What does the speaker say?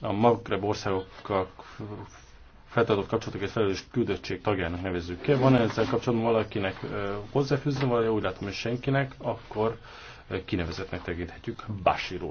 a Magreb országokkal feltartott egy felelős küldöttség tagjának nevezzük ki. Van -e ezzel kapcsolatban valakinek hozzáfűzni, vagy úgy látom, hogy senkinek, akkor kinevezetnek tekinthetjük Bashir